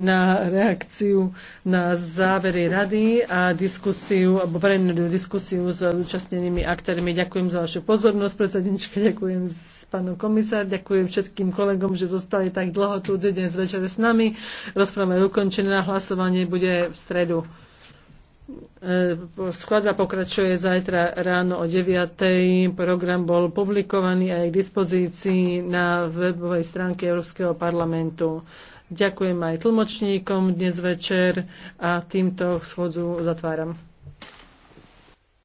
na reakciu na závery rady a diskusiu, alebo verejnú diskusiu s účastnenými aktérmi. Ďakujem za vašu pozornosť, predsednička, ďakujem pánom komisár, ďakujem všetkým kolegom, že zostali tak dlho tu dnes večer s nami. Rozpráva je ukončená, hlasovanie bude v stredu. E, Schádza pokračuje zajtra ráno o 9. Program bol publikovaný a je k dispozícii na webovej stránke Európskeho parlamentu. Ďakujem aj tlmočníkom dnes večer a týmto schodzu zatváram.